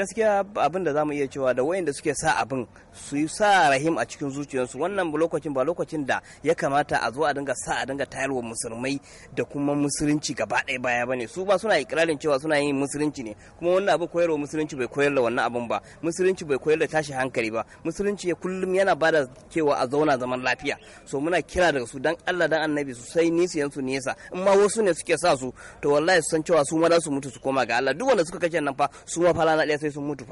gaskiya abin da zamu iya cewa da wayanda suke sa abin su yi sa rahim a cikin zuciyarsu wannan lokacin ba lokacin da ya kamata a zo a dinga sa a dinga tayarwa musulmai da kuma musulunci gaba ɗaya baya bane su ba suna ikirarin cewa suna yin musulunci ne kuma wannan abin koyarwa musulunci bai koyar da wannan abin ba musulunci bai koyar da tashi hankali ba musulunci ya kullum yana bada cewa a zauna zaman lafiya so muna kira daga su dan Allah dan annabi su sai nisiyan su nesa in ma wasu ne suke sa su to wallahi su san cewa su ma za su mutu su koma ga Allah duk wanda suka kace nan fa su ma fa na ɗaya sai sai mutu